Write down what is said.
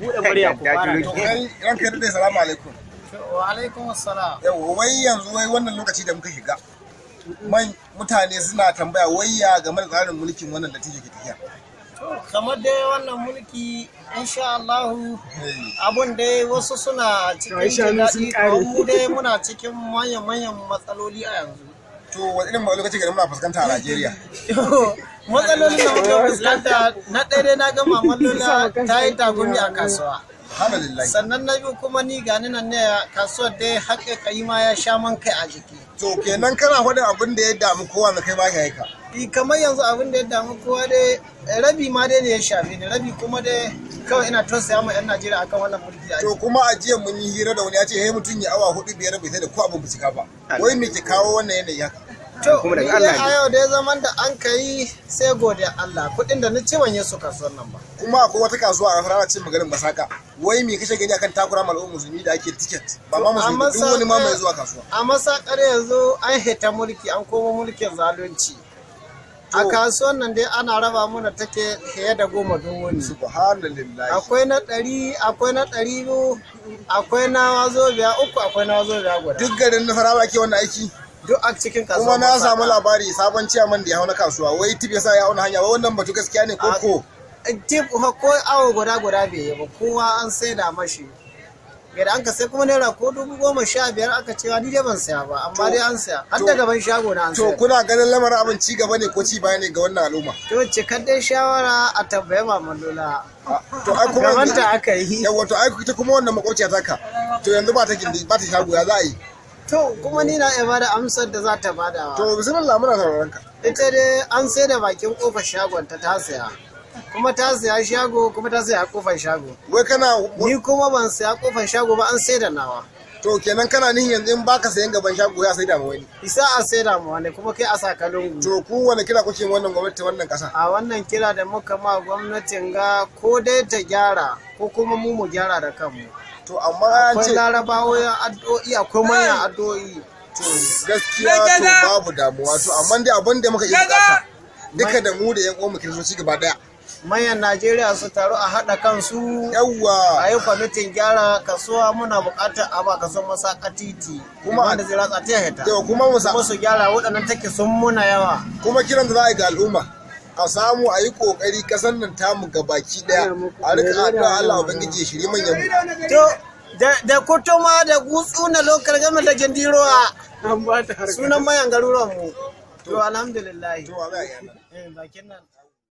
buɗe murya kai ranka salamu alaikum wa alaikum assalam yau wai yanzu wai wannan lokaci da muka shiga man mutane suna tambaya wayya game da tsarin mulkin wannan da take tafiya kamar dai wannan mulki insha Allah abun dai wasu suna cikin jin daɗi mu dai muna cikin manyan manyan matsaloli a yanzu to wani irin lokaci kake muna fuskanta a Najeriya matsalolin da muka fuskanta na ɗaya na gama mamalola ta yi tagumi a kasuwa sannan na biyu kuma ni gani nan ne kasuwar dai haƙe kai ma ya sha man kai a jiki to kenan kana faɗin abin da ya damu kowa na kai ba ka yi ka kamar yanzu abin da ya damu kowa dai eh, rabi ma dai da ya shafe ni rabi kuma dai kawai ina tausaya ma yan Najeriya akan wannan mulki to kuma a jiya mun yi hira da wani ya ce hey mutum ya awa hudu biyar bai sai da ko abin bincika ba wai me ke kawo wannan yanayi haka to kuma daga dai zaman da an kai sai godiya Allah kuɗin da ni ci ban yi kasuwar nan ba kuma akwai wata kasuwa a rana cin maganin basaka wai me kashe gani akan takura mal musulmi da ake ticket ba ma musulmi duk wani ma mai zuwa kasuwa a masakar yanzu an hita mulki an koma mulkin zalunci a kasuwan nan dai ana raba muna take fiye da goma don wani subhanallahi akwai na ɗari akwai na ɗari biyu akwai na wazo biya uku akwai na wazo biya guda duk garin na farawa ke wannan aiki duk a cikin kasuwa kuma na samu labari sabon ciyaman da ya hau na kasuwa wai tip ya sa ya auna hanya wai wannan batu gaskiya ne ko ko tip ko awo guda guda bai yi ba kowa an sai da mashi ga an anka sai kuma naira ko dubu goma sha biyar aka cewa ah, ni dai ban saya ba amma dai an saya har da gaban shago na an saya to kuna ganin lamarin abin ci gaba ne ko ci baya ne ga wannan al'umma to cikakken dai shawara a tambaye maman lola ah, to ai kuma ta aka yi yawa to ai ita kuma wannan makwabciya taka to yanzu ba ta gindi ba ta shago ya za a yi to kuma ni na iya bada amsar da za ta bada to bismillah muna sauraron ka ita dai an sai da bakin kofar shagon ta ta saya kuma ta saya shago kuma ta saya kofar shago wai kana ni kuma ban saya kofar shago ba an sai da nawa to kenan kana nin yanzu in baka sayan gaban shago ya saida ma wani isa a saida ma wani kuma kai a saka lungu to ku wani kira kuke wannan gwamnati wannan kasa a wannan kira da muka ma gwamnatin ga ko dai ta gyara ko kuma mu mu gyara da kanmu to amma an ce akwai larabawoyin addu'o'i akwai manyan addu'o'i to gaskiya to babu damuwa to amma dai abin da muka iya bukata duka da mu da yan uwan mu kiristoci gaba daya Manyan Najeriya su taru a haɗa kansu. yawa A yi kwamitin gyara kasuwa muna buƙatar a ba kasuwar masaka titi. Kuma wanda zira ratsa ta hita. Yau kuma musa. su gyara waɗannan take sun muna yawa. Kuma kiran da za a yi ga al'umma. a samu a yi kokari kasan nan tamu ga baki daya a rika addu'a Allah ubangiji shiri manyan to da kutuma da gutsu na lokal gama da jindirowa sunan mayan garuruwan mu to alhamdulillah to eh, bakin nan